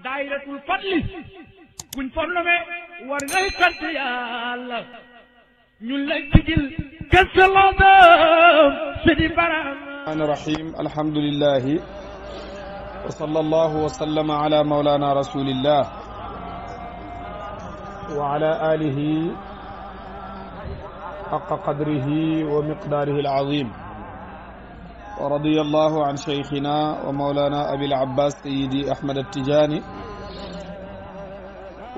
daayiratul fadli buñ fornome war ngay sant yàlla ñun la sigil kësaloodam sidi baram rahmaan rahim alhamdulillahi wa sallallahu wa sallama ala mawlana rasulillah wa ala alihi haqa qadrihi wa miqdaarihi al-aziim ورضي الله عن شيخنا ومولانا أبي العباس سيدي أحمد التجاني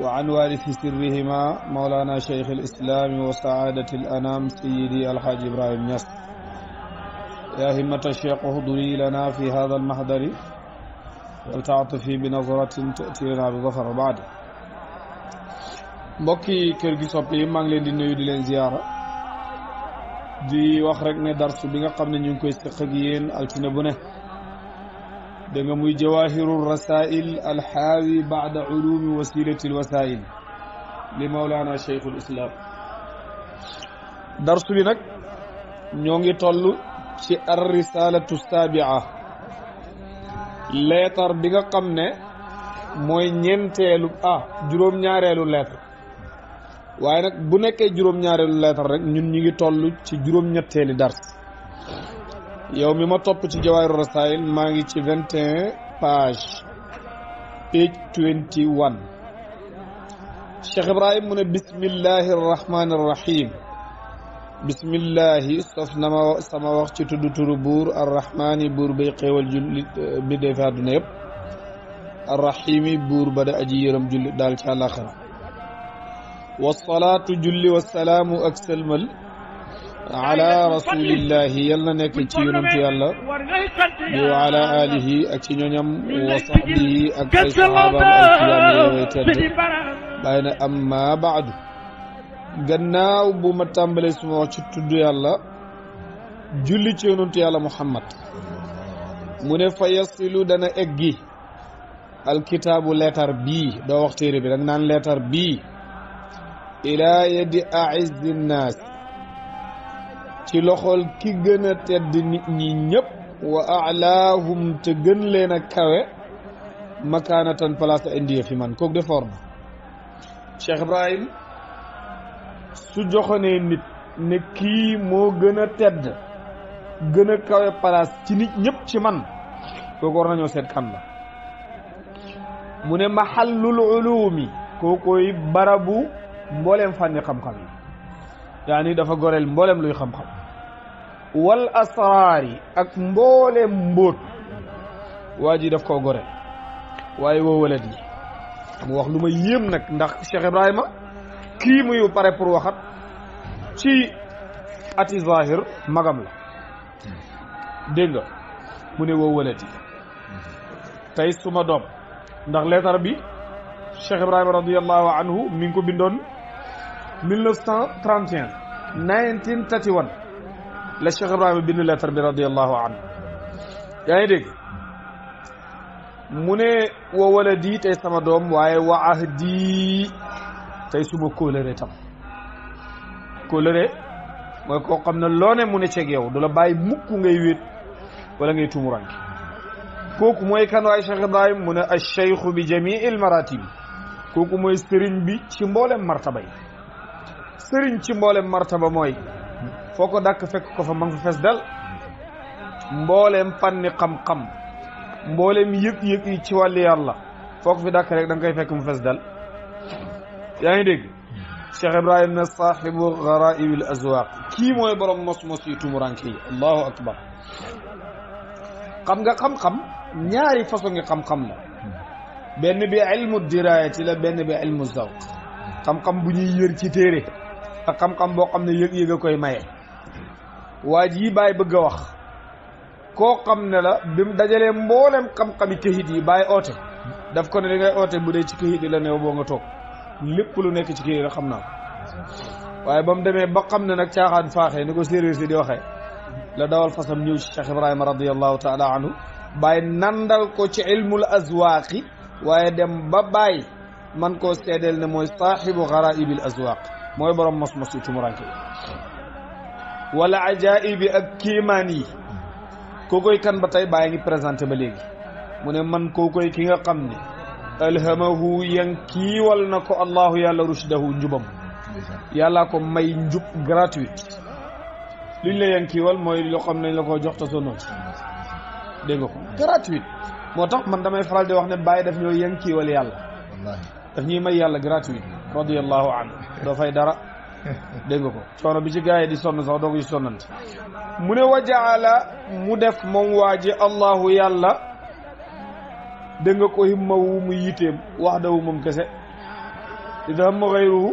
وعن وارث سرهما مولانا شيخ الإسلام وسعادة الأنام سيدي الحاج إبراهيم نصر يا همة الشيخ اهدري لنا في هذا المحضر ولتعطفي بنظرة تأتي لنا بظفر بعد mbokki kër gi sopp yi maa ngi leen di nuyu di leen ziyaara di wax rek ne darsu bi nga xam ne ñu ngi koy sëq ak yéen bu ne da nga muy jawahiru rasail alxaawi baada ulumi wasilati alwasail li maulana cheikhul islam darsu bi nag ñoo ngi toll ci ar risalatu sabia leetar bi nga xam ne mooy ñeenteelu ah juróom-ñaareelu leetar waaye nag bu nekkee juróom-ñaareelu leetar rek ñun ñu ngi toll ci juróom-ñetteeli dars yow mi ma topp ci jawaaru rasaayil maa ngi ci vingt et un page page twenty mu ne bismillahi rahmaani rahim bismillahi sof na sama wax ci tudd turu buur arrahmaani buur bay xéewal jullit euh, bi dee fi àdduna yëpp arrahimi buur ba da aji yërëm jullit daal ci àllaaxira wasalaatu julli salaamu ak selmal ala rasulillahi yal na nekk ci yonentu yàlla alihi ak ci ñoñam wa sahbihi ak ay sahabaam ay kiyaameway baadu gannaaw bu ma tàmbalee suma wax ci tudd yàlla julli ci yonentu muhammad mu ne fa yasilu dana eggi alkitaabu leetar bii doo wax téere bi danga naan leetar bii ilaa yadi aizzi nnaas ci loxol ki gën a tedd nit ñi ñëpp wa alaahum te gën leen a kawe makaanatan place indiye fi man kooku defoor na Cheikh Ibrahim su joxonee nit ne kii moo gën a tedd gën a kawe place ci nit ñëpp ci man kooku war nañoo seet kan la mu ne mahallul ulumi kookoy barabu mbooleem fànni xam-xam yi yaani dafa goreel mbooleem luy xam-xam wal asraari ak mbooleem mbóot waa ji daf koo goreel waaye woowalat yi mu wax lu ma yéem nag ndax Cheikh Ibrahima kii muy pare pour waxat ci ati zahir magam la dégg nga mu ne woowalat yi tey suma doom ndax leetar bi Cheikh Ibrahima radiyallahu anhu mi ngi ko bindoon 1931 1931 la Cheikh Ibrahima bind lettre bi radiyallahu anhu yaa ngi dégg mu sama doom waaye wa ahdi tey suma kóolëre tam kóolëre mooy koo xam ne loo ne mu ne ceeg yow du la bàyyi ngay wéet wala ngay tumuranke kooku mooy kan waaye Cheikh Ibrahim mu ne bi jamii al maratib kooku mooy sëriñ bi ci mboolem martaba yi sëriñ ci mboolem martaba mooy foo ko dàkk fekk ko fa ma nga fa fes dal mbooleem fànni xam-xam mbooleem yëg-yëg yi ci wàllu yàlla foo ko fi dakk rek da nga koy fekk mu fes dal yaa ngi dégg Cheikh Ibrahim na saaxibu garaibil azwaq kii mooy borom mos-mos yi tumuranke yi allahu akbar xam nga xam-xam ñaari façon ngi xam-xam la benn bi ilmu dirayati la benn bi ilmu zawq xam-xam bu ñuy yër ci téere ak xam-xam boo xam ne yëg-yëg a koy maye waa ji bàyyi bëgg a wax koo xam ne la bi mu dajalee mboolem xam-xami këyit yi bàyyi oote daf ko ne da ngay oote bu dee ci këyit yi la new boo nga toog lépp lu nekk ci këyit la xam naa ko waaye ba mu demee ba xam ne nag caaxaan faaxee ni ko séeréer si di waxee la dawal fasam ñëw ci Cheikh Ibrahima radiyallahu taala anhu bàyyi nandal ko ci ilmul azwaaqi waaye dem ba bàyyi man koo seedeel ne mooy saaxibu garaibil aswaq mooy borom mos-mos yi tumuranke wala ajaibi ak kiimaan yi kookoy kan ba tey bàyyi ngi présenté ba léegi mu ne man kookoy ki nga xam ne alhamahu yan kiiwal na ko allahu yàlla rushdahu njubam yàlla ko may njub gratuite liñ la yan kiiwal mooy loo xam nañ la ko jox ta sonoo ci nga ko gratuite moo tax man damay faral wax ne bàyyi def ñoo yëng kiiwal yàlla daf ñuy may yàlla gratuit radiallahu anhu doo dara dégg nga ko coono bi ci gars yi di sonn sax doo koy sonnante mu ne wa jaala mu def moom waa ji allahu yàlla dégg nga ko himmawu mu yiteem wax dawu moom kese di da ma xayruhu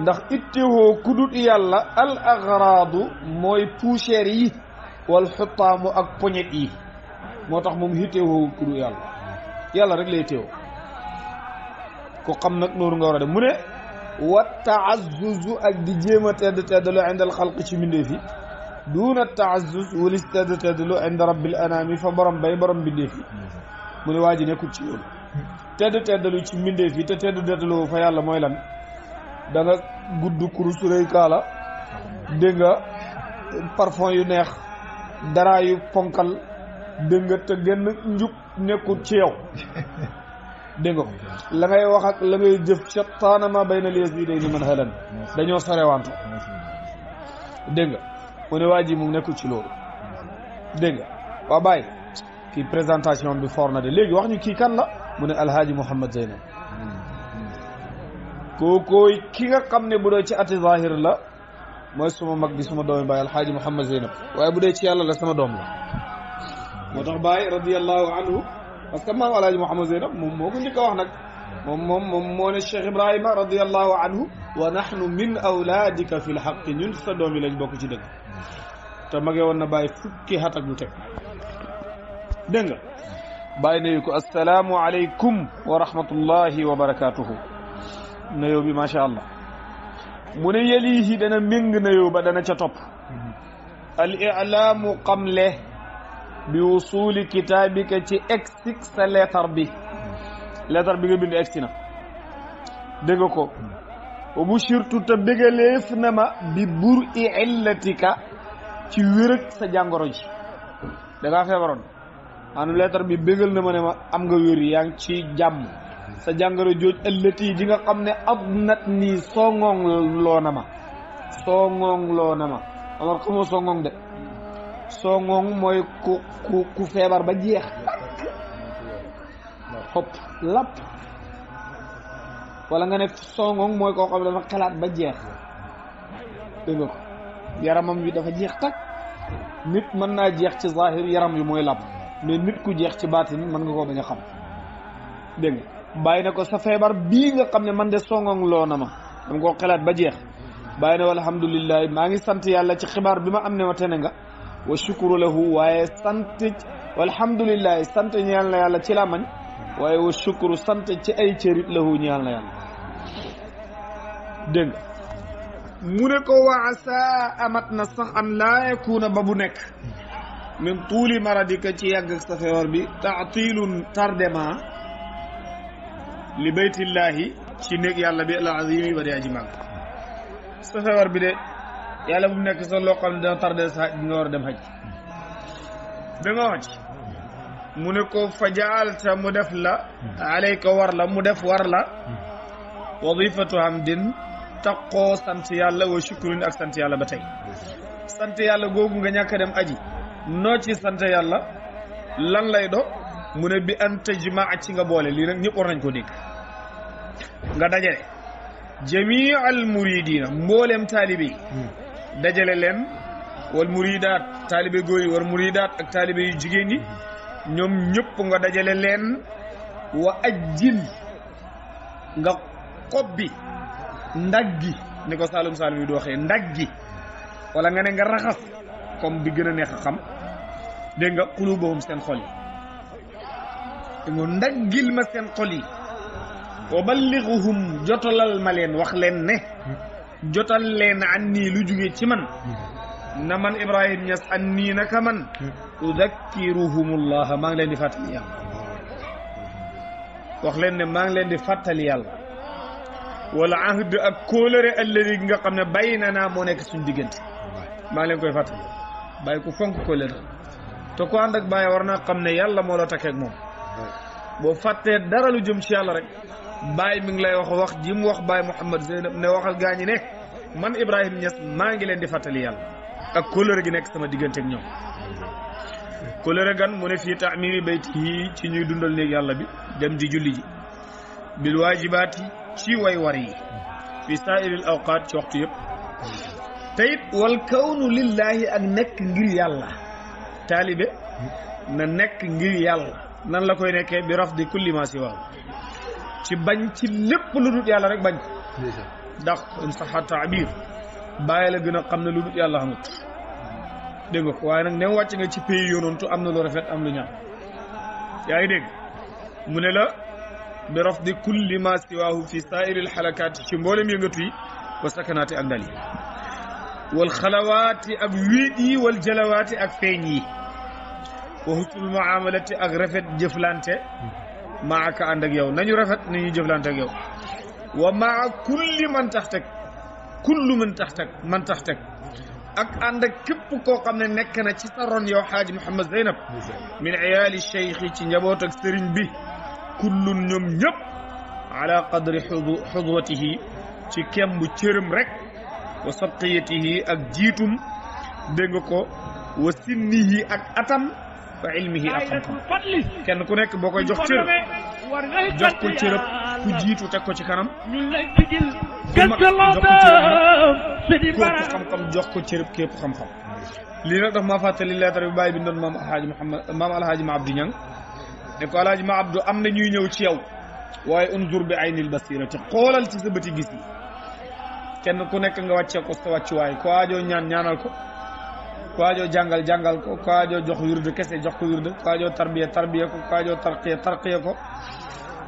ndax ittewoo kudut yàlla al agradu mooy poussière yi wal xutaamu ak poñet yi moo tax moom hitéewoowu ku du yàlla yàlla rek lay téew ku xam nag nooru nga war a def mu ne wa taazzuzu ak di jéem a tedd teddaloo indal xalqi ci mbindéef yi duuna taazzuz walis tedd teddaloo inda rabbil anaami fa borom bay borom mbindéef yi mu ne waa ji nekkul ci yoonu tedd teddalu ci mbindéef yi te tedd teddaloo fa yàlla mooy lan da nga gudd kuru su kaala dégg nga yu neex dara yu ponkal dégg nga te genn njub nekkul ci yow dégg nga la ngay wax ak la ngay jëf ca taanama bay na lees bii day ni man xelan dañoo sorewante dégg nga mu ne waa ji mu nekkul ci loolu dégg nga waa bàyyi kii présentation bi foor na de léegi wax ñu kii kan la mu ne alhaaji Mouhamad Zeynab kookooy ki nga xam ne bu dee ci ati zahir la mooy suma mag bi suma doomi bàyyi alhaaji Mouhamad Zeynab waaye bu dee ci yàlla la sama doom la moo tax Baye radiyallahu anhu parce que maam alaaji Mouhamed ko wax nag moom moom moo ne Cheikh Ibrahima radiyallahu anhu wa nahnu min lañ bokk ci dëgg te mage woon na Baye fukki at ak lu teg dégg nga Baye nuyu ko aleykum wa rahmatullahi wa barakaatuhu nuyoo bi allah mu ne yelihi dana méng nuyoo ba dana ca topp mm-hmm. al ilaamu qamle bi wusuli kitaabika ci egsi sa leetar bi leetar bi nga bind egsi na dégg ko wa bushirtu te bégaleef na ma bi buur i illatika ci wérëg sa jàngoro ji da ngaa feebaroon maanaam leetar bi bégal na ma ne ma am nga wér yaa ngi ci jàmm sa jàngoro jooj ëllëti ji nga xam ne ab nat nii soo ŋoŋ loo na ma soo ŋoŋ loo na ma amar xamoo soo ŋoŋ de soo mooy ku ku ku feebar ba jeex xob lapp wala nga ne soo mooy koo xam ne dafa xalaat ba jeex dégg nga ko yaramam wi dafa jeex tak nit mën naa jeex ci zahir yaram wi mooy lapp mais nit ku jeex ci baatin mën nga koo bañ a xam dégg nga bàyyi na ko sa feebar bii nga xam ne man de songoŋ loo na ma dama koo xalaat ba jeex bàyyi waa walhamdulilah maa ngi sant yàlla ci xibaar bi ma am ne ma tene nga wa shukru lahu waaye sant walhamdulillahi sant ñeel na yàlla ci làmmañ waaye wa shukru sant ci ay cërit lahu ñeel na yàlla mu ne ko wa asa na sax an laa yakuuna ba bu nekk min tuuli maradika ci yàgg ak sa feewar bi taatilun tardement li ci néeg yàlla bi al azimi ba di aji màgg sa de yàlla bu nekk sa loo xam ne dana tardé sa xaj nga war a dem xaj bi nga xaj mu ne ko fajaalta mu def la alayka war la mu def war la wadifatu hamdin taqoo sant yàlla wa shukrin ak sant yàlla ba tey sant yàlla googu nga ñàkk dem aji noo ci sant yàlla lan lay do mu ne bi an tajma ci nga boole lii nag ñëpp nañ ko dégg nga dajale jamii al mboolem taalibe yi dajale leen wal muridaat taalibe góor yi wal muridaat ak taalibe yu jigéen yi ñoom ñëpp nga dajale leen wa ajjil nga kobbi ndaggi ni ko saalum saalum yi di waxee ndaggi wala nga ne nga raxas comme bi gën a neex a xam dégg nga xuluubahum seen xol yi dégg nga ndaggil ma seen xol yi wa ballighuhum jotalal ma leen wax leen ne jotal leen an nii lu jóge ci man mm-hmm. na man Ibrahim Niass an nii naka man mm-hmm. udakkiruhumullaha maa ngi leen di fàttali yàlla wax leen ne maa ngi leen di fàttali yàlla wala ahd ak kóolëre alladi nga xam ne bàyyi na naa moo nekk suñu diggante maa ngi leen koy fàttali bàyyi ku fonk kóolëre te ku ànd ak bàyyi war naa xam ne yàlla moo la takkeeg moom boo fàttee dara lu jëm ci yàlla rek baay mi ngi lay wax wax ji mu wax baay Mouhamad Zeynab ne waxal gaa ñi ne man Ibrahima Niass maa ngi leen di fàttali yàlla ak kóllëre gi nekk sama diggante ak ñoom kóllëre gan mu ne fii taamimi bayt yi ci ñuy dundal néeg yàlla bi dem di julli ji bil waajibaat yi ci way war yi fi saairil awqaat ci waxtu yëpp te it wal lillaahi ak nekk ngir yàlla taalibe na nekk ngir yàlla nan la koy nekkee bi raf di kulli ma waaw ci bañ ci lépp lu dut yàlla rek bañ ndax in saxa taabir bàyyi la gën a xam ne lu dut xamut dégg nga waaye nag ne wàcc nga ci pays yonontu am na lu rafet am lu ñaaw yaa ngi mu ne la bi rafdi kulli ma siwaahu fi saairi alxalakaati ci mboolem yëngatu yi wa sakanaati ak dal yi wal xalawaati ak wiit yi wal jalawaati ak feeñ yi wa husnul muamalati ak rafet jëflante maa ka ànd ak nañu rafet nañu jëflante ak yow wa maa kulli man tax teg kullu man tax ak ànd ak képp koo xam ne nekk na ci sa ron yow xaaji Mouhamed Zeynab min iyaali cheikh ci njaboot ak sëriñ bi kullun ñoom ñëpp ala qadri xudu xudwatihi ci kemb cërëm rek wa sabqiyatihi ak jiitum dégg nga ko wa sinnihi ak atam wa ilmihi ak kenn ku nekk boo koy jox cër jox ko cërëb ku jiitu teg ko ci kanam ku mag jox ko cërëb képp xam-xam jox ko nag daf maa fàttali leetar bi bàyyi bi ndoon maam alhaaji Muhammad maam alhaaji ma abdi ñang ko alhaaji ma abdu am na ñuy ñëw ci yow waaye unzur bi aynil basira ci xoolal ci sa bëti gis kenn ku nekk nga wàccee ko sa wàccuwaay ko aajoo ñaan ñaanal ko waajoo jàngal jàngal ko ku waajoo jox wirdu kese jox ko wirdu ku waajoo tarbiya tarbiya ko ku waajoo tarqiya tarqiya ko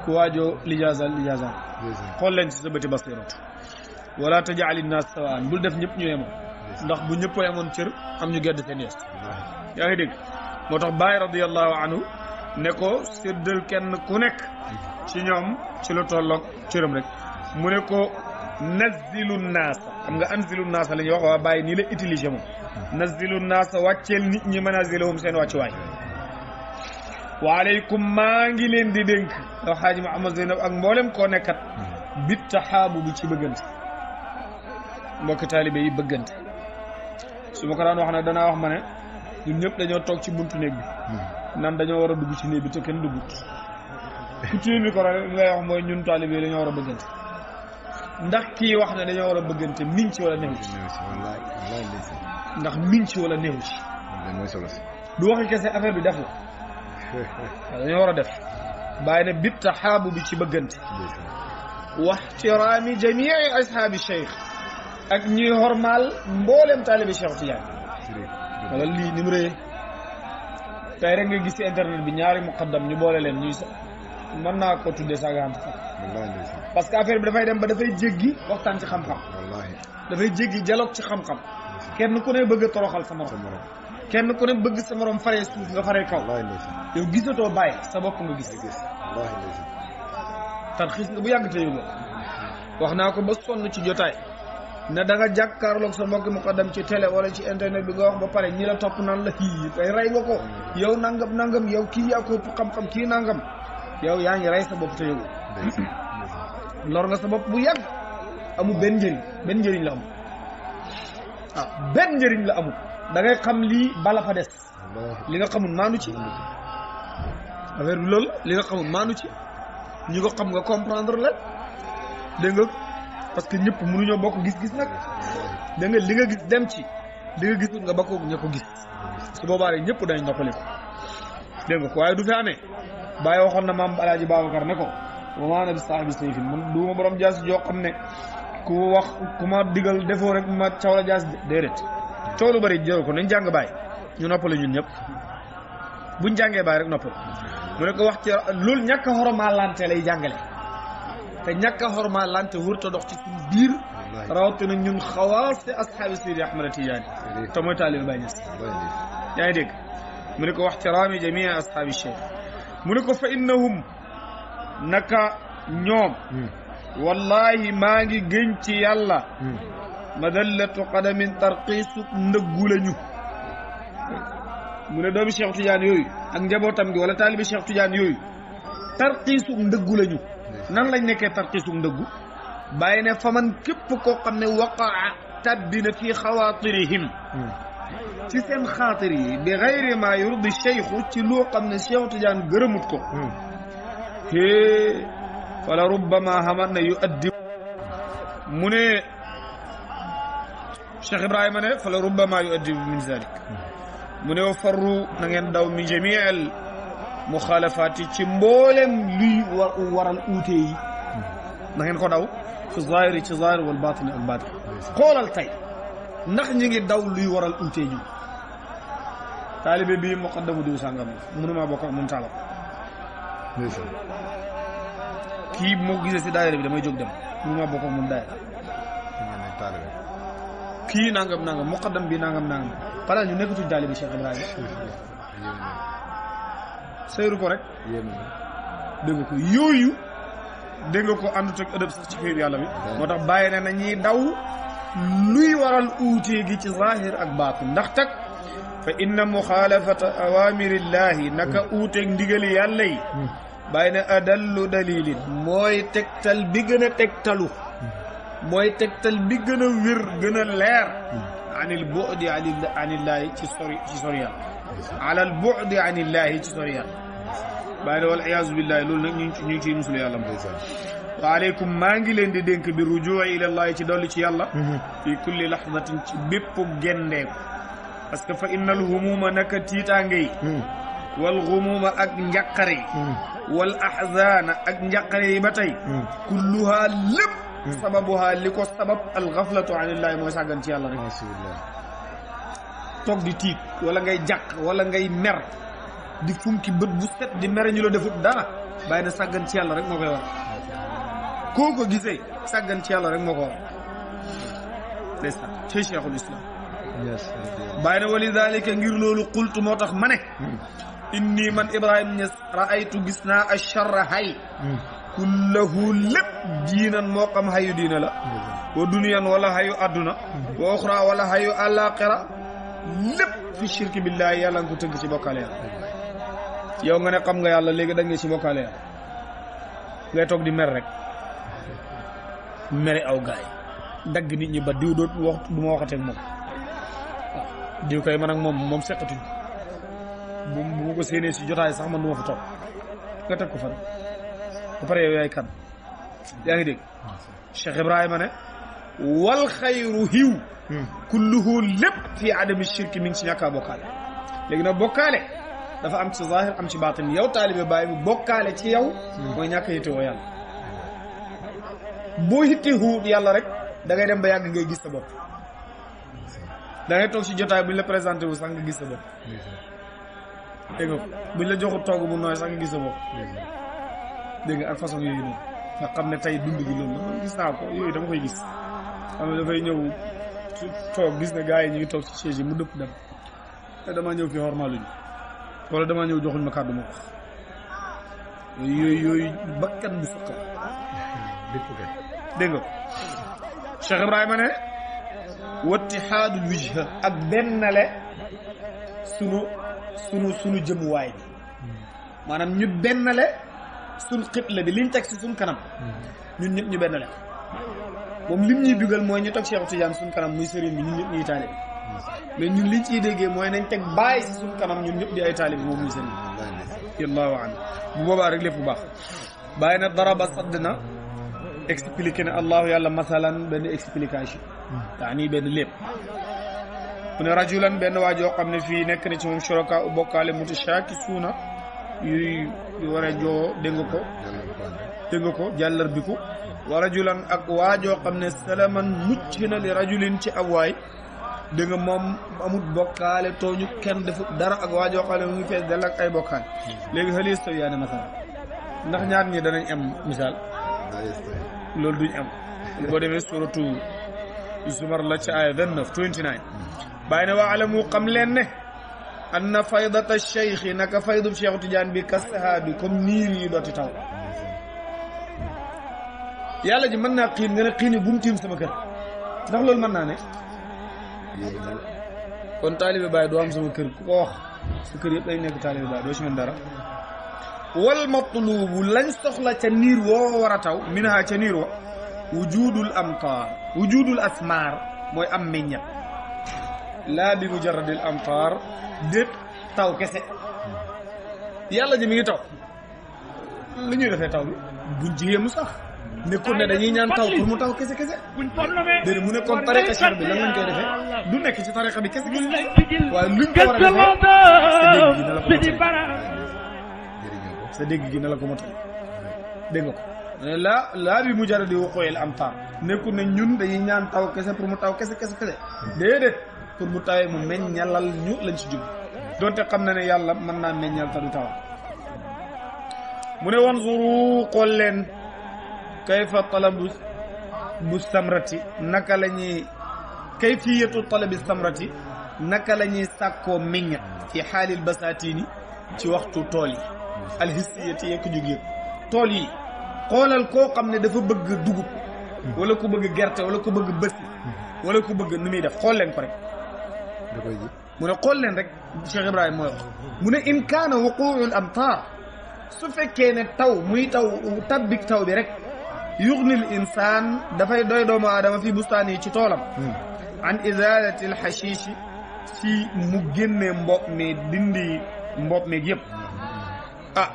ku waajoo lijaasa lijaasa xool leen ci sa bëti basiratu wala tajal innaas sawaan bul def ñëpp ñu yemoon ndax bu ñëpp yemoon cër am ñu gedd seen yees yaa ngi dégg moo tax Baay radiyallahu anhu ne ko séddal kenn ku nekk ci ñoom ci lu tolloog cëram rek nazilu naasa xam nga anzilu naasa la ñuy wax waa bàyyi nii la utilisé moom nazilu naasa wàcceel nit ñi manazilahum seen wàccuwaay waaleykum maa ngi leen di dénk yow xaaji Mouhamad Zeynab ak mboolem koo nekkat bit xaabu bu ci bëggante mbokki taalibe yi bëggante su ma ko daan wax ne danaa wax ma ne ñun ñëpp dañoo toog ci buntu néeg bi nan dañoo war a dugg ci néeg bi te kenn duggut ku téye micro rek li ngay wax mooy ñun taalibe yi dañoo war a bëggante ndax kii wax ne dañoo war a bëggante miñ ci wala néew ci. ndax miñ ci wala néew ci. du waxi kese affaire bi def la. dañoo war a def. bàyyi na bit taxaabu bi ci bëggante. waxtiraami jamii ashaabi cheikh. ak ñuy hormaal mboolem taalibi Cheikh Tidiane. wala lii ni mu rëy. tey rek nga gis ci internet bi ñaari muqaddam ñu boole leen ñuy mën naa ko tuddee sa parce que affaire bi dafay dem ba dafay jéggi waxtaan ci xam-xam dafay jéggi dialogue ci xam-xam kenn ku ne bëgg a toroxal sa morom kenn ku ne bëgg sa morom faree suuf nga fare kaw yow gisatoo bàyyi sa bopp nga gis xiis nga bu yàgg te yëgoo wax naa ko ba sonn ci jotaay na danga nga jàkkaarloog sa mbokki mu dem ci télé wala ci internet bi nga wax ba pare ñi la topp naan la kii kay rey nga ko mm. yow nangam nangam yow kii yaa ko xam-xam kii nangam yow yaa ngi rey sa bopp te yëgu lor nga sa bopp bu yàgg amul benn njëriñ benn njëriñ la amul ah, benn njëriñ la amul da xam li bala fa des li nga xamul maanu ci affaire bi li nga xamul maanu ci ñi ko xam nga comprendre la dégg nga parce que ñëpp mënuñoo bokk gis-gis nag dégg li nga gis dem ci li nga gisul nga bokk ña ko gis su boobaa rek ñëpp dañ noppali ko dégg ko waaye du fi amee Baye waxoon na maam Alaaji Babacar ne ko wa maa ana bi saahibi sayfin man du ma borom jaas joo xam ne ku wax ku ma digal defoo rek ma caw la jaas déedéet coow lu bëri jëru ko nañ jàng Baye ñu noppale ñun ñëpp jàngee Baye rek noppal mu ne ko wax ci loolu ñàkk a xormaa lay jàngale te ñàkk a xormaa lante wurta dox ci suñ biir rawatina ñun xawaas te Ñas yaa ngi dégg mu ne ko waxtiraami jamii ashaabi cheikh mu ne ko fa innahum naka ñoom hmm. wallahi maa ngi gën ci yàlla hmm. madallatu qadamin tarqiisu ndëggu lañu mu ne doomi Cheikh Tidiane yooyu ak njabootam gi wala taalibi Cheikh Tidiane yooyu tarqiisu ndëggu lañu nan lañ nekkee tarqiisu ndëggu bàyyi ne faman képp ko xam ne waqaa tabbina fi xawaatirihim hmm. ci seen xaatir yi bi xayri ma yurdi cheikhu ci loo xam ne Cheikh Tidiane gërëmut ko é hmm. fala rubbama xamat na yu addi mu ne Cheikh Ibrahima ne fala rubbama yu addi min zalik mu ngeen daw min jamiel muxaalafaat yi ci mboolem luy waral uute yi na ko daw fi zahiri ci zahir wal batin ak batin xoolal tey ndax ñi daw luy waral uute yi taalibe bii muqaddamu diw sàngam la mënumaa bokk ak moom taala kii moo ko gisee si daayira bi damay jóg dem mënumaa bokk ak moom daayira kii nangam nangam muqaddam bi nangam nangam pare ñu nekkatuñ taalibe Cheikh ko rek dégg nga ko yooyu dégg ko àndut ak ëdëb sax ci këyit yàlla bi moo tax bàyyi ne na daw luy waral uutee gi ci zahir ak baatin ndax tag fa inna muxaalafata awaamirillahi naka hmm. uuteeg ndigali yàlla yi hmm. bàyyi ne adallu dalilin mooy tegtal bi gën a tegtalu hmm. mooy tegtal bi gëna a wér gën a leer anil bu'di anillaahi ci sori ci sori yàlla alal bu'di anillaahi ci sori yàlla ngi wa aleykum maa ngi leen di dénk bi rujuu ilallaahi ci dolli ci yàlla fi kulli lahzatin ci bépp gendeeku parce que fa innal humuma naka tiitaange yi hmm. wal xumuuma ak njàqare yi hmm. wal ahzaana ak njàqare yi ba tey hmm. kulluhaa lépp sababuhaa li ko sabab alxaflatu anillaahi mooy sàggan yàlla rek toog di tiit wala ngay jàq wala ngay mer di funki bët bu set di mere ñu la defut dara bàyyi na sàggan yàlla rek moo koy wax koo ko gisee sàggan yàlla rek moo ko wax ndeysaan tey cheikhul islam bàyyi na wali ngir loolu qultu moo tax ma ne hmm. inni man Ibrahima Niass raaytu gis naa acharra hay hmm. kullahu lépp diinan moo xam hayu diina la hmm. wa duniyan wala hayu adduna wa oxra wala hayu àllaaxira lépp fi shirki yàlla nga ko tëgg ci bokkaale yàlla yow nga ne xam nga yàlla léegi dañ nga ci bokkaale yàlla ngay toog di mer rek mere aw gaay dagg nit ñi ba diw doot waxtu du moom diw kay man ak moom moom seqatuñ bu bu ko séenee si jotaay sax man du ma fa toog nga teg ko fan ba pare yow yaay kan yaa ngi dégg Cheikh Ibrahima ne wal xayru hiw hmm. kulluhu lépp fii adami shirki mi ngi si ñàkkaa bokkaale léegi nag bokkaale dafa am ci zahir am ci baatin yow taalibe bàyyi mu bokkaale ci yow hmm. mooy ñàkk yittewoo yàlla boo yittewoo yàlla rek da ngay dem ba yàgg ngay gis sa bopp da ngay toog si jotaay bu ñu la présenté wu sax nga gis sa bopp. dégg nga bu ñu la joxu togg bu nooy sax gis sa bopp. dégg ak façon yooyu xam ne tey dund gi ko yooyu dama koy gis. xam ne dafay ñëw su gis ne gars yi ñu ngi toog ci chaise yi mu dëpp dem te damaa ñëw fii xormaaluñu wala damaa ñëw joxuñ ma kàddu ma wax yooyu yooyu bakkan bu fukk dégg nga Cheikh Ibrahima ne. wattihaadul wijha ak bennale sunu sunu sunu jëmuwaay bi maanaam ñu bennale sun xibla bi liñ teg si suñ kanam ñun ñëpp ñu bennale moom lim ñuy dugal mooy ñu toog Cheikh Tidiane suñ kanam muy sëriñ bi ñun ñëpp ñuy taalibe mais ñun liñ ciy déggee mooy nañ teg bàyyi si suñ kanam ñun ñëpp di ay taalibe moom muy sëriñ bi allahu anhu bu boobaa rek lépp bu baax bàyyi na daraba sadd na expliqué na allahu yàlla masalan benn explication daa nii benn lépp mu ne rajulan benn waa joo xam ne fii nekk na ci moom shuraka u bokkaale mutashaakisuuna yuy war a joo dégg ko dégg ko jàllar bi ko wa rajulan ak waa joo xam ne salaman mucc na li rajulin ci ab waay dégg nga moom amut bokkaale tooñu kenn defu dara ak waa joo xam ne mu ngi fees dell ak ay bokkaale léegi hal yastawiyaani masalan ndax ñaar ñi danañ am misaal loolu duñ am boo demee suratu zumar la ci aaya 29 ne waa alamu xam leen ne anna faydata cheikhi naka faydub cheikhu tidiane bi kastaha bi comme niir yi dooti taw yàlla ji mën naa xiin nga ne xiini bu mu tiim sama kër mën naa ne kon taalibe Baay doo am sama kër ku ko wax sa day nekk taalibe Baay doo ci mën dara wal matlubu lañ soxla ca niir woo war a taw minha ca niir wa wujudul amtaar wujudul asmaar mooy am meññat laa bi mujaradil amtaar déet taw kese yàlla ji mi ngi taw li ñuy defee taw bi buñ jigee mu sax nekkul ne dañuy ñaan taw pour mu taw kese kese déedéet mu ne comme tariqa char bi lan lañ koy defee du nekk ci tariqa bi kese kese waaye luñ ko war a defee sa dégg gi na la ko motal dégg ko ne eh, laa laa bi la am amtaar nekkul ne ñun dañuy ñaan taw kese pour mu taw kese kese kese déedéet pour mu tawee mu meññalal ñu lañ si jublu donte xam na ne yàlla mën naa meññal te du taw mu ne woon zuru xool leen kayfa talabu bu samrati naka la ñuy kayfiyatu talabi samrati naka la ñuy sàkkoo meññat fi xaalil basaatini ci waxtu tool yi alxissiyati yekk jug tool yi xoolal koo xam ne dafa bëgg dugub wala ku bëgg gerte wala ko bëgg bët wala ku bëgg nu muy def xool ko rek da koy xool leen rek Cheikh Ibrahima mooy wax mu ne in kaana wuquul amtaar su fekkee ne taw muy taw tabbik taw bi rek yugnil insaan dafay doy doomu aadama fii ci toolam an izalati alxashiishi si mu génnee mbopp mi dindi mbopp meeg yëpp ah,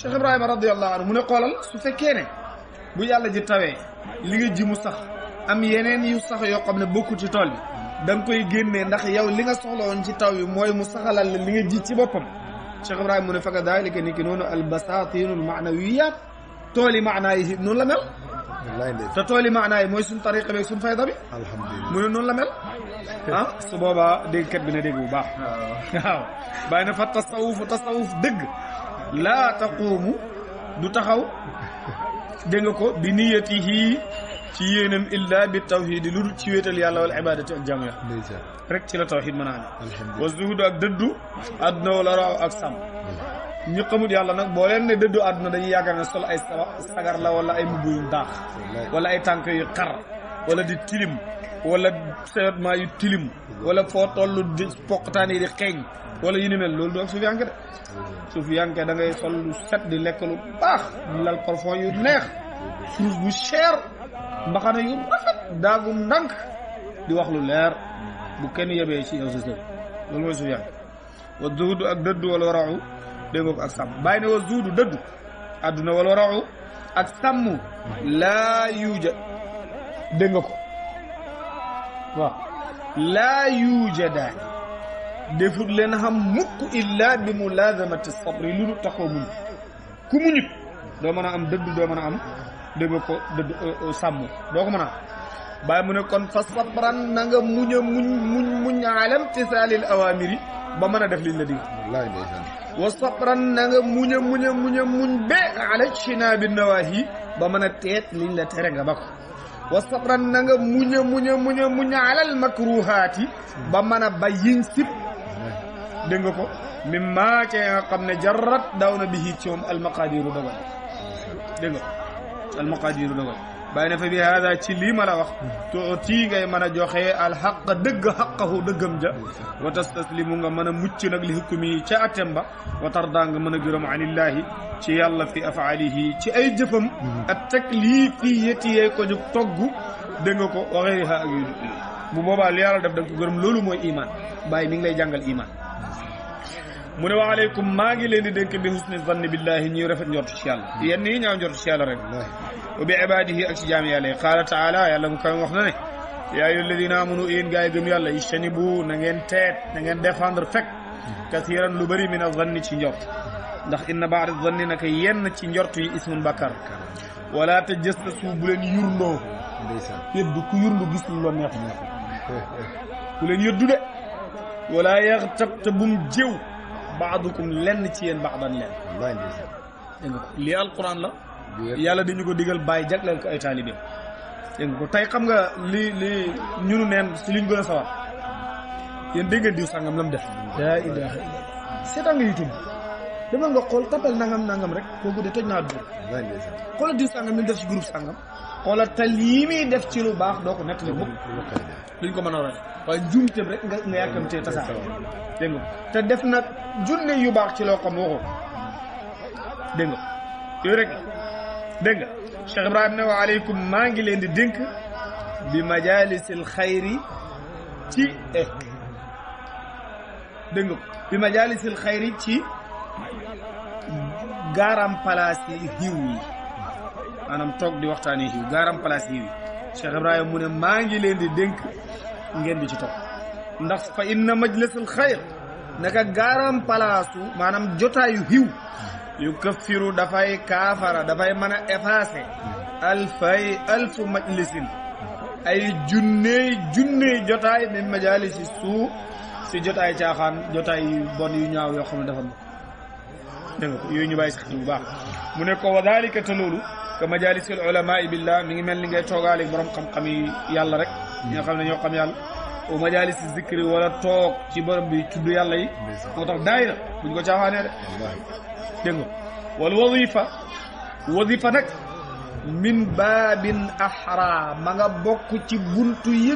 Cheikh Ibrahima radiyallahu anhu mu ne xoolal su fekkee ne bu yàlla ji tawee li nga ji mu sax am yeneen yu sax yoo xam ne bokku ci tool bi da nga koy génnee ndax yow li nga soxla woon ci taw yi mooy mu saxalal la li nga ji ci boppam Cheikh Ibrahima mu ne faka daalika ni ki noonu albasatinul maanawiyaat tool yi maanaa yi noonu la mel te tool yi maanaa yi mooy suñ tariqa beeg suñ fayda bi alhamdulilah mu ne noonu la mel ah su boobaa déggkat bi na dégg bu baax waaw bàyyi fa tasawuf tasawuf dëgg laa taquumu du taxaw dégg nga ko bi niyatihi ci yéenam illa bi tawhid lu dul ci wéetal yàlla wala ibadati ak jaamu yàlla rek ci la tawhid mën a amee wa zuhudu ak dëddu àdduna wala raaw ak sàmm ñu xamul yàlla nag boo leen ne dëddu àdduna dañu yaakaar sol ay sagar la wala ay mbubb yu daax wala ay tànk yu xar wala di tilim wala sewetment yu tilim wala foo toll di xeeñ wala yu ni mel loolu du ak suufiyanke de suufiyanke da ngay sol lu set di lekk lu baax lal parfum yu neex suuf bu cher mbaxana yu rafet daagu ndànk di wax lu leer bu kenn yebee ci yow sa sëw loolu mooy suufiyanke wa zuhudu ak dëddu wala waraxu dégg nga ko ak sàmm bàyyi ne wa zuhudu dëddu àdduna wala waraxu ak sàmm laa yuuja dégg nga ko waaw laa yuujadaani defut leen xam mukk illa bi mulaazamati sabri lu dul taxoo muñ ku muñut doo mën a am dëdd doo mën a am dëgg ko dëdd euh, euh, sàmm doo ko mën a am bàyyi mu ne kon fa sabran na muñ a muñ muñ mën a def liñ la muñ a muñ a muñ be ala chinaabi nawaahi ba mën a teet liñ la tere nga ba ko wa sabran na nga muñ a muñ a muñ a muñ alal makruhaati ba mën a ba yiñ sib nga ko min maa cee nga xam ne jarat daaw na bi hiit ci moom almaqadiru dogal dégg nga almaqadiru dogal bàyyi na fa bi hada ci lii ma la wax tuuti ngay mën a joxe alxaq dëgg xaqahu dëggam ja wa tastaslimu nga mën a mucc nag li hukumi ca atem ba wa tarda nga mën a gërëm anillaahi ci yàlla fi afaalihi ci ay jëfam ak taklifiyati ko jóg togg dégg nga ko waxee ha bu boobaa li yàlla def da nga ko gërëm loolu mooy iman bay mi ngi lay jàngal iman mu ne wa aleykum maa ngi leen di dénk bi husni zanni billahi ñuy rafet njortu ci yàlla hmm. yenn yi ñaaw njortu ci yàlla rek wa bi ibadihi ak ci jaam yàlla yi qaala taala yàlla mu kawe wax na ne yaa ayyuha alladina amanu yéen gaa yi gëm yàlla ijtanibu na ngeen teet na ngeen défendre fekk hmm. kasiran lu bëri min a zanni ci njort ndax inna baada zanni naka yenn ci njort yi ismun bakkar wala te jës na suuf bu leen yurndoo yëddu ku yurndu gis lu la neex bu leen yëddu de wala yaxtab te bum jëw baax baadukum lenn ci yéen baadan ba wallaay ndeysaan. dégg nga ko lii la. yàlla dañu ko digal bàyyi jagleel ko ay taalibeem. dégg nga ko tey xam nga li li ñunu neen si liñ ko a sawar yéen dégg ngeen diw sàngam la mu def. laa ilaaha illallaah seetaan nga YouTube demal nga xool tapal nangam nangam rek kooku de toj naa dugg. wallaay ndeysaan xoolal diw sàngam li mu def si groupe sàngam. xoola te lii muy def ci lu baax doo ko nettali mukk duñ ko mën a wax waaye njuumteem rek nga nga yàkkamtee tasaare dégg te def na junne yu baax ci loo xam waxu dégg nga yooyu rek dégg nga Cheikh Ibrahima ne wa maa ngi leen di dénk bi majaalisil xayri ci e dégg nga bi majaalisil xayri ci garam palaas yi xiw yi maanaam toog di waxtaanee xiw gaaram place xiw yi Cheikh Ibrahima mu ne maa ngi leen di dénk ngeen di ci toog ndax fa inna majlisul xayr naka gaaram palaasu maanaam jotaayu xiw yu kafiru dafay kaafara dafay mën a effacé alfay alfu majlisin ay junney junney jotaay min majalisi suu si jotaay caaxaan jotaay yu bon yu ñaaw yoo xam ne dafa dégg yooyu ñu bàyyi si xel bu mu ne ko wa te loolu ka majalisul ulama billah mi ngi mel ni ngay toogaaleeg borom xam-xam yi yàlla rek ñi nga xam ne ñoo xam yàlla au majalis zikri wala toog ci borom bi tudd yàlla yi moo tax daayira buñ ko caaxaanee de dégg nga wala wadifa wadifa nag ci buntu yi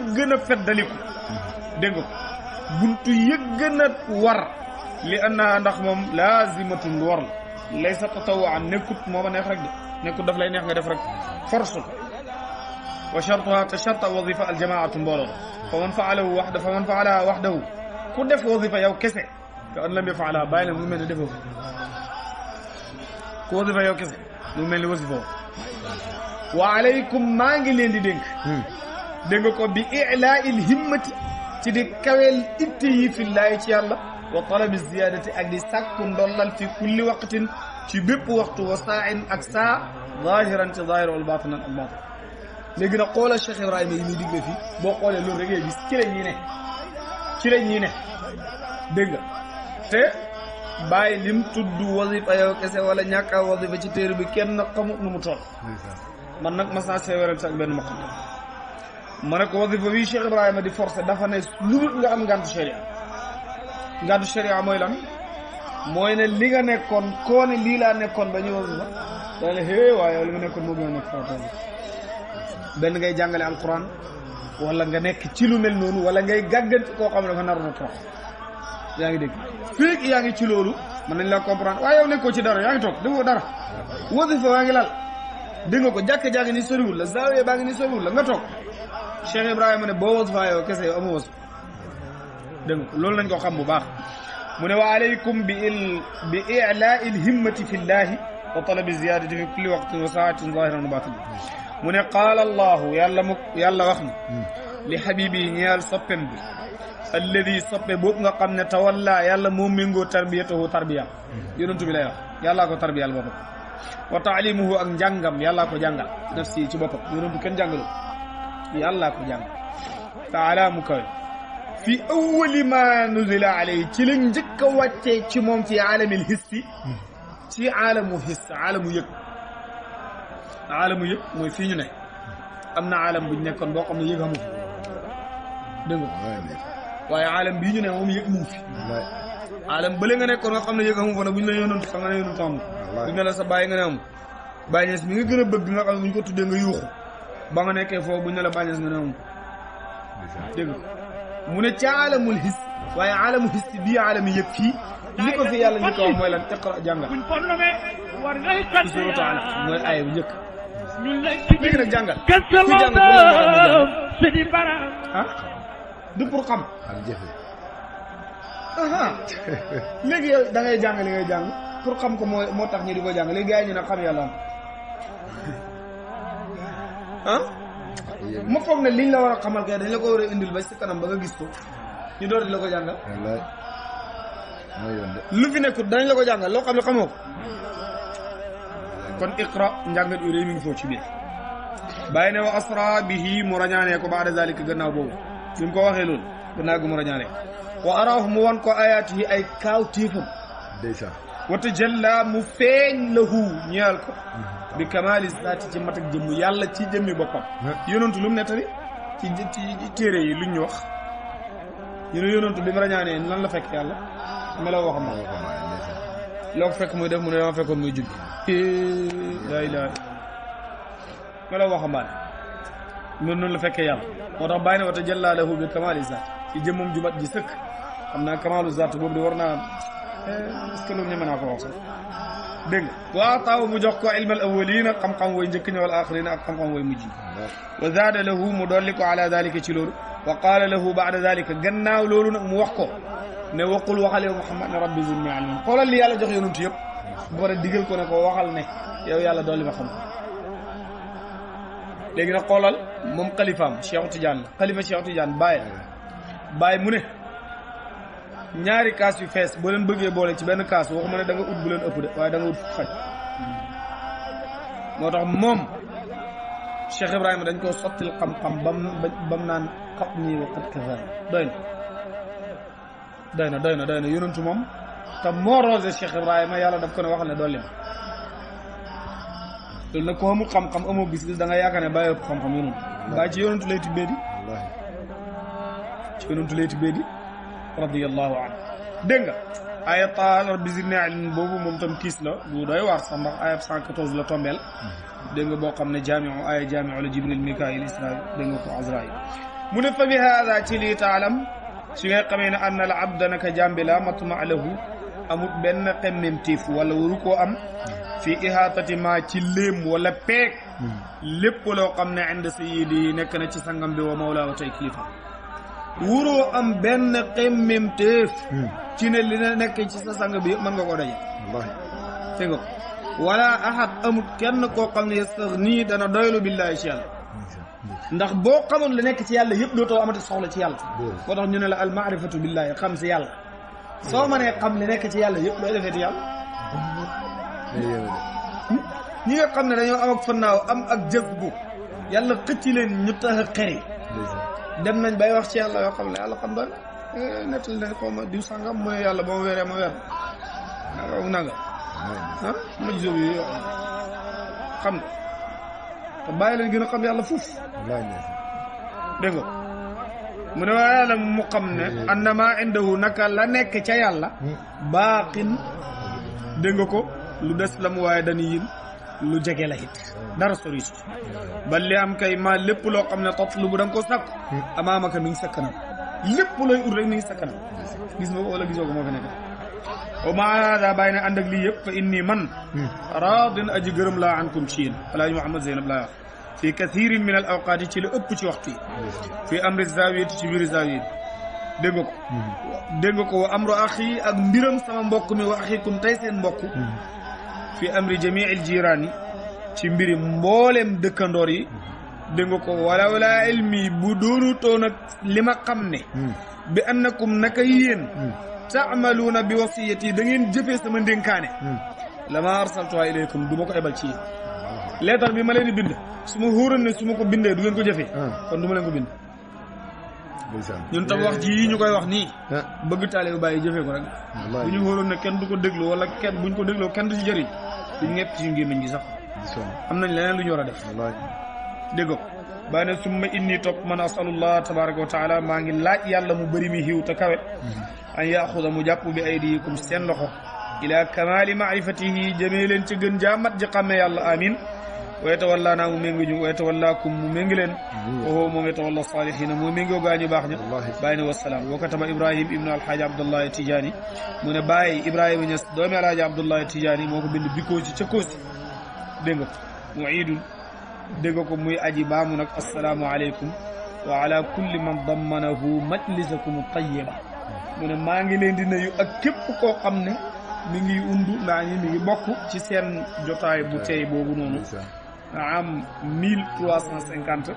gën a war li anna ndax moom laazimatun lu war la laysa tatawaan nekkut mooma neex rek de nekkul daf lay neex nga def rek force wa shartuha te sharta wadifa aljamaatu mbooloo fa man faalahu waxda fa man faalaha waxdahu ku def wadifa yow kese te an lam yafaalaha bàyyi leen mu mel ni defoo ko ku wadifa yow kese mu mel ni wasifoo wa alaykum maa ngi leen di dénk hmm. dégg ko bi ilaai lhimmati ci di kaweel itte yi fillaahi ci yàlla wa talabi ziyadati ak di sàkku ndollal fi kulli waqtin ci bépp waxtu wa saa in ak saa zahiran ci zahir wal batinan ak léegi nag xoolal Cheikh Ibrahima yi muy digle fii boo xoolee loolu rek ngay gis ci la ñuy ne ci la yi ne dégg nga te bàyyi lim tudd wasifa yow kese wala ñàkk a wasifa ci téer bi kenn xamut lu mu toll man nag mas naa seeweral sax benn ma xam ma ne ko wasifa bii Cheikh Ibrahima di forcé dafa ne lu nga am ngàntu sharia ngàntu sharia mooy lan mooy ne li nga nekkoon koo lii laa nekkoon ba ñuy nga da la xëy nga nekkoon moo gën a nekk farataal benn ngay wala nga nekk ci lu mel noonu wala ngay gàgganti koo xam ne dafa naroon a toog yaa ngi dégg fii yaa ngi ci loolu mën nañ laa comprendre waaye yow nekkoo ci dara yaa ngi toog defoo dara wasifa waa ngi lal dégg ko jàkka jaa ngi ni soriwul la zaawiya baa ngi ni soriwul la nga toog Cheikh Ibrahima ne boo wasifaa yow kese yow amoo wasif dégg ko loolu nañ koo xam bu baax mu ne wa alaykum bi il bi ilaai lhimmati fi llahi wa talabi ziyadati fi kulli waqtin wa saatin zahiran wa batin mu ne qaala allahu yàlla mu yàlla wax na li xabibi ñeel soppem bi alladi soppe boobu nga xam ne tawalla yàlla moo méngoo tarbiyatahu tarbiya yonentu bi lay wax yàllaa ko tarbiyal boppam wa taalimuhu ak njàngam yàllaa ko jàngal nafsi ci boppam yonentu kenn jàngalu yàllaa ko jàngal taala mu kawe fi awwali ma nuzila alayhi ci lañ njëkk a ci moom fi aalamil hissi ci aalamu hiss aalamu yëg aalamu yëg mooy fii ñu ne am na aalam bu ñu nekkoon boo xam ne yëg amu fi dégg waaye aalam bii ñu ne moom yëg mu fi nga nekkoon nga ne yëg amu fa nag bu ñu nga ne sa bàyyi nga ne amul bàyyi mi nga gën a bëgg nga xam ne bu ñu ko tuddee nga yuuxu ba nga nekkee foofu bu ñu la bàyyi nga ne amul dégg mu ne ci alamul his waaye alamu his bii alami yëpp fii li ko fi yàlla ñu ko wax mooy lan iqra jàngal ci suuratu alaq mooy aaya bu njëkk léegi nag jàngal ku jàngal ah du pour xam léegi yow da ngay jàng li ngay jàng pour xam ko moo moo tax ñu di ko jàng léegi gars ñu nag xam yàlla am ah ma foog ne liñ la war a xamal kay dañ la ko war a indil ba si kanam ba nga gis ko ñu door di la ko jàngal. lu fi nekkut danañ la ko jàngal loo xam ne xamoo ko. kon iqra njàngat yu rëy mi ngi foofu ci biir bàyyi ne wa asra mu rañaanee ko baada zalika gannaaw boobu bi mu ko waxee loolu gannaaw gi mu rañaanee ko wa araahu mu wan ko ayaat ay kaaw téefam. déjà wa tajalla mu feeñ lahu ñeel ko. Mhm. bi kamaali ci mat ak jëmm yàlla ci jëmmi boppam. yonantu lu mu nettali ci ci téere yi luñ ñu wax ñu ne yonantu bi mu rañaanee lan la fekk yàlla melow waxam ma fekk muy def mu ne dama fekkoon muy julli. laa ilaaha meloo yàlla moo tax bàyyi na wa tajallaa lahu ci jëmmam ju mat ji sëkk xam naa kamaalu zaati boobu de war naa eh, est loolu ñeme naa ko wax sax. dégg nga wa ataahu mu jox ko ilmal awwalina xam-xam way njëkk ñi wal axirina ak xam-xam way mujj wa zaada lahu mu dolli ko ala dalika ci loolu wa qaala lahu baada dalika gannaaw loolu nag mu wax ko ne waqul waxal yow Muhammad ne rabbi zidni ilman xoolal li yàlla jox yonent yëpp ba pare digal ko ne ko waxal ne yow yàlla dolli ma xam léegi nag xoolal moom xalifaam Cheikh Tidiane xalifa Cheikh Tidiane Baye Baye mu ne ñaari kaas yu fees boo leen bëggee boole ci benn kaas waxuma ne da ut bu leen ëpp de waaye da ut faj moo tax moom Cheikh Ibrahima dañ koo sottil xam-xam bam bam naan xat nii wa xat kasar doy na doy na doy na doy moom te moo roose Cheikh Ibrahima yàlla daf ko ne waxal ne dolli ma loolu nag ko amul xam-xam amoo gis-gis da nga yaakaar ne bàyyi ko xam-xam yonentu bàyyi ci yonentu lay tibbee di ci yonentu lay tibbee di radiyallahu anhu dégg nga ayat taala rabbi zidni ilman boobu moom tam tiis la bu doy waar sax ndax ayat 114 la tombeel dégg nga boo xam ne jaamiu aya jaamiu la jibril mikail israil dégg nga ko azrail mu ne fa bi haada ci lii taalam su nga xamee ne anna al abda naka jàmbi la matma lahu amut benn xemmem tiif wala waru koo am fi ihaatati ma ci léem wala peeg hmm. lépp loo xam ne ind sayidi yi nekk na ci sangam bi wa mawlaa wa tay kilifa wuroo am benn xemmem téef ci ne li na nekk ci sa sang bi mën nga koo daje te nga wala ahad amul kenn koo xam ne sax nii dana doylu billaahi ci yàlla ndax boo xamoon la nekk ci yàlla yëpp dootoo amati soxla ci yàlla boo tax ñu ne la al maarifatu billaahi xam si yàlla soo mënee xam li nekk ci yàlla yëpp looy defee ci yàlla hmm? ñi nga xam ne dañoo am ak fannaaw am ak jëf bu yàlla xëcc leen ñu tax a xeri dem nañ bay wax ci yàlla yoo xam ne yàlla xam doon nettal na eh, mu nanga ah maj sob xam te bàyyi leen gën a xam yàlla fuuf dégg nga mu ne waaye yàlla mu xam ne annama indahu naka la nekk ca yàlla hmm. baaxin dégg nga ko lu des la mu waaye dani yin lu jege la it dara sori ba li am kay ma lépp loo xam ne tatlubu lu nga ko sàkku amaamaka mi ngi sa kanam lépp looy ut rek mi ngi sa kanam gis nga ko wala gisoo ko moo fa nekk wa maa daa bàyyi ne ànd ak yëpp fa inni man raadin aji gërëm laa ankum ci yéen alaaji Mouhamed Zeynab laa wax fii kathirin min al awqaati ci lu ëpp ci waxtu yi fii amri zawiyati ci biir zawiyati dégg nga ko mm-hmm. ko wa amru axi ak mbiram sama mbokk mi wa axikum tey seen mbokk mm-hmm. fi amri jamii al jiraani ci mbiri mbooleem dëkkandoor yi dégg ko wala wala ilmi bu doonutoon ak li ma xam ne hmm. bi annakum naka yéen hmm. taamaluuna bi wasiyati yi da ngeen jëfee sama ndénkaane hmm. lama arsaltuha ilaykum du ma ko ebal ci yéen leetar bi ma leen bind su ma xuuroon ne su ma ko bindee du ngeen ko jëfee kon du ma leen ko bind ñun tam wax ji yi ñu koy wax nii eh. bëgg taale bu bàyyi jëfee ko rek bu ñu xuuroon ne kenn du ko déglu wala kenn bu buñ ko dégloo kenn du jëriñ duñ ñepp suñu gémmiñ gi sax. am nañ leneen lu ñu a def. dégg ko bàyyi na summa inni topp man asalullah tabaraka wa taala maa ngi laaj yàlla mu bëri mi xiw te kawe. Mm-hmm. an yaaxuda mu jàpp bi aydiikum seen loxo. ila kamaali maarifatihi jëmee leen ci gën jaamat ji xàmme yàlla amin wa yatawalla naa mu méngi ñu wa yatawallaakum mu méngi leen waxoo moom yatawalla moo méngoo gaa ñu baax ña bàyyi ne wasalaam wakkatama ibrahim ibnu alhaaji abdullahi tijaani mu ne bàyyi ibrahima ñes doomi alhaaji abdullahi tijaani moo ko bind bikkoo ci cëkkoosi dégg nga mu iidul dégg ko muy aji baamu nag assalaamu aleykum wa ala kulli man dammanahu majlisakum tayyiba mu ne maa ngi leen di nuyu ak képp koo xam ne mi ngi undu naa ñi mi ngi bokk ci seen jotaay bu tey boobu noonu am mille trois cent cinquante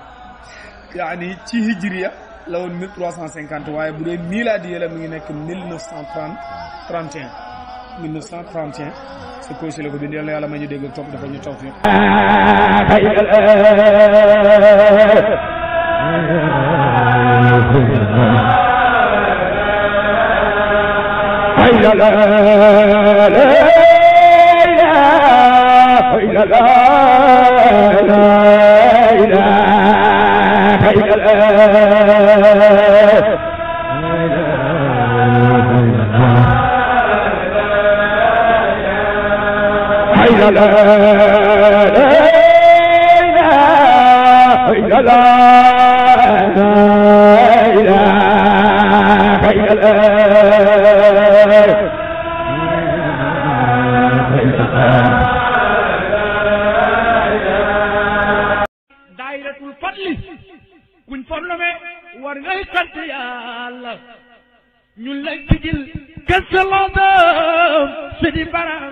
yaani ci hijriya la woon mille trois cent waaye bu dee milaadiya la mi ngi nekk mille neuf cent trente trente et un mille neuf cent si la ko bind yàlla yàlla ma ñu dégg topp dafa ñu taw fi إلا لا إله إلا الله لا لا لا لا لا لا koor ngay sant yàlla ñu la sigil gëstaloon sidi baram